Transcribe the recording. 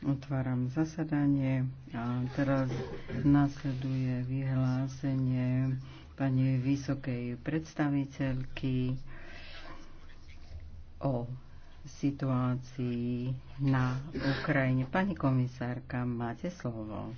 Otváram zasadanie a teraz nasleduje vyhlásenie pani vysokej predstaviteľky o situácii na Ukrajine. Pani komisárka, máte slovo.